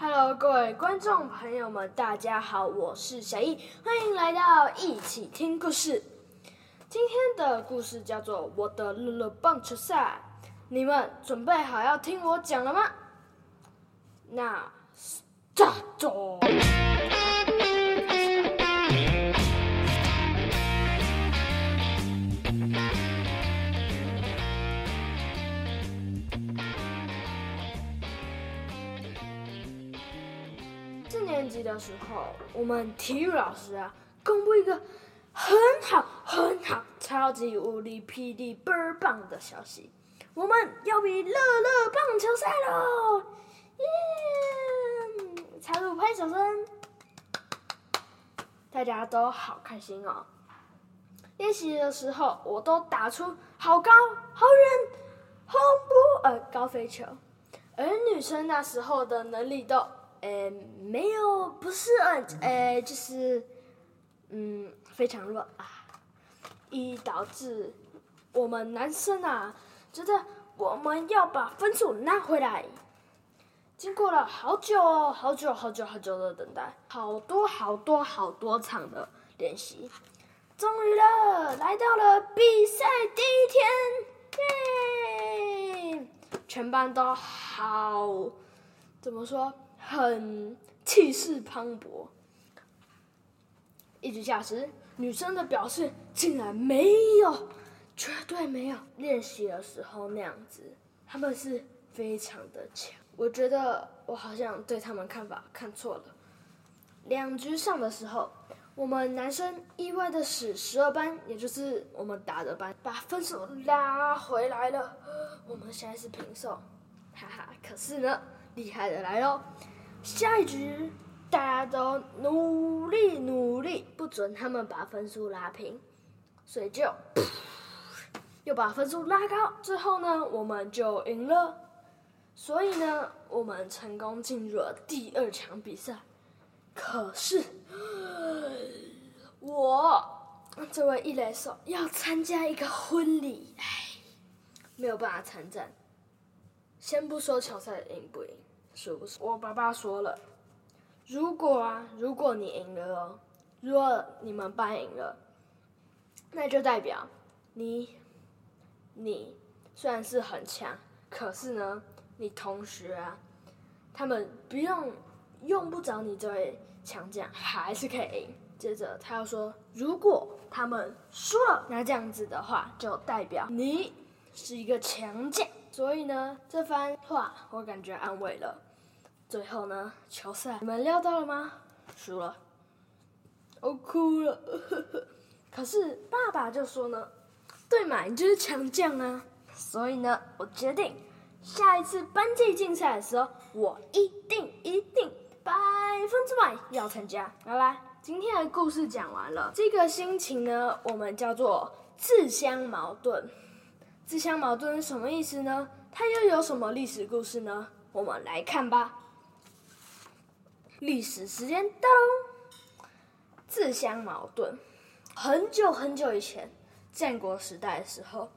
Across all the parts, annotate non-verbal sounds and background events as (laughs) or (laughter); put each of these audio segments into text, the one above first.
Hello，各位觀眾朋友們，大家好，我是小易，歡迎來到一起聽故事。今天的故事叫做《我的樂樂棒球賽》，你們準備好要聽我講了嗎？那，炸！炸！的時候，我們體育老師啊，公布一個很好很好、超級無敵霹靂倍兒棒的消息，我們要比樂樂棒球賽嘍！耶！插入拍手聲，大家都好開心哦。練習的時候，我都打出好高好遠、鴻鵠、呃、高飛球，而、呃、女生那時候的能力都。呃，沒有，不是、啊，呃，就是，嗯，非常弱啊，以導致我們男生啊，覺得我們要把分數拿回來。經過了好久、哦、好久，好久，好久的等待，好多，好多，好多場的練習，終於了，來到了比賽第一天，耶！全班都好，怎麼說？很氣勢磅礴，一局下時，女生的表現竟然沒有，絕對沒有練習的時候那樣子，他們是非常的強。我覺得我好像對他們看法看錯了。兩局上的時候，我們男生意外的是十二班，也就是我們打的班，把分數拉回來了。我們現在是平手，哈哈。可是呢，厲害的來嘍！下一局，大家都努力努力，不准他們把分數拉平，所以就又把分數拉高。最後呢，我們就贏了，所以呢，我們成功進入了第二場比賽。可是，我這位一壘手要參加一個婚禮，哎，沒有辦法參戰。先不說決賽的贏不贏。我爸爸說了，如果啊，如果你贏了，哦，如果你們班贏了，那就代表你你雖然是很強，可是呢，你同學啊，他們不用用不着你這位強將還是可以贏。接着他又說，如果他們輸了，那這樣子的話就代表你是一個強將。所以呢，這番話我感覺安慰了。最後呢，球賽你們料到了嗎？輸了，我、oh, 哭了。 (laughs) 可是爸爸就說呢，對嘛，你就是強將啊。所以呢，我決定下一次班級競賽的時候，我一定一定百分之百要參加。好啦，拜拜！今天的故事講完了。這個心情呢，我們叫做自相矛盾。自相矛盾是什麼意思呢？它又有什麼歷史故事呢？我們來看吧。歷史時間到，自相矛盾。很久很久以前，戰國時代的時候，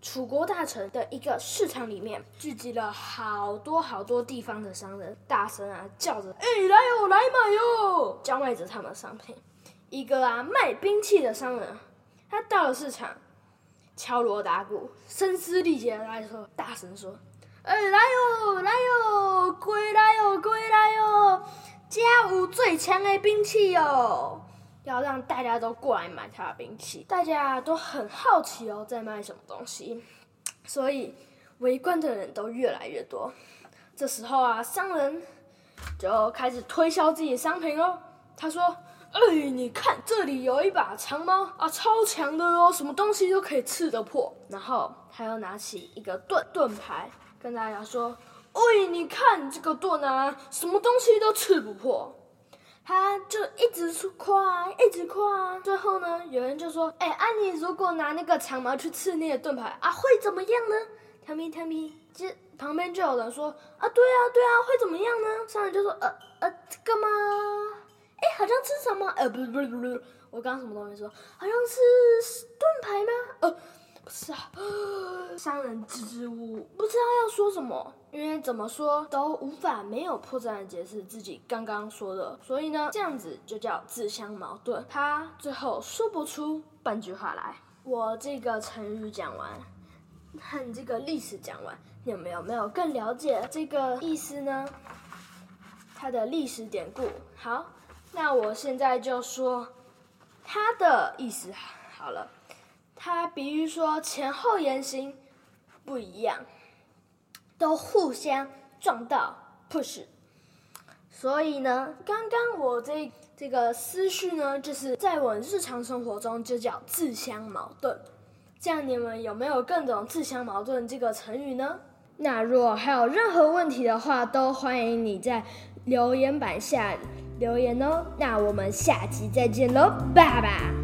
楚國大臣的一個市場裡面聚集了好多好多地方的商人，大聲啊叫着：“哎、欸，來哦，來買哦！”叫賣着他們的商品。一個啊賣兵器的商人，他到了市場，敲鑼打鼓，聲嘶力竭的來說，大聲說：“哎、欸，來哦，來哦，歸來哦，歸來哦！”家有最強的兵器哦，要讓大家都過來買他的兵器。大家都很好奇哦，在賣什麼東西，所以圍觀的人都越來越多。這時候啊，商人就開始推銷自己的商品哦。他說：“哎、欸，你看這裡有一把長矛啊，超強的哦，什麼東西都可以刺得破。”然後他又拿起一個盾盾牌，跟大家說。喂，你看這個盾啊，什麼東西都刺不破，他就一直誇，一直誇。最後呢，有人就說：“哎、欸，安妮，如果拿那個長矛去刺那個盾牌啊，會怎麼樣呢？”Tell me, tell me。旁邊就有人說：“啊，對啊，對啊，會怎麼樣呢？”商人就說：“呃呃，這個嗎？哎、欸，好像是什麼？呃，不是不是不是，我剛剛什麼都沒說？好像是，是盾牌嗎？呃，不是啊。 (laughs) ”商人支支吾吾，不知道、啊。說什麼？因為怎麼說都無法沒有破綻的解釋自己剛剛說的，所以呢，這樣子就叫自相矛盾。他最後說不出半句話來。我這個成語講完，和這個歷史講完，你有沒有沒有更了解這個意思呢？它的歷史典故。好，那我現在就說它的意思好了。它比喻說前後言行不一樣。都互相撞到 push，所以呢，剛剛我這這個思緒呢，就是在我日常生活中就叫自相矛盾。這樣你們有沒有更懂“自相矛盾”這個成語呢？那如果還有任何問題的話，都歡迎你在留言板下留言哦。那我們下期再見嘍，拜拜。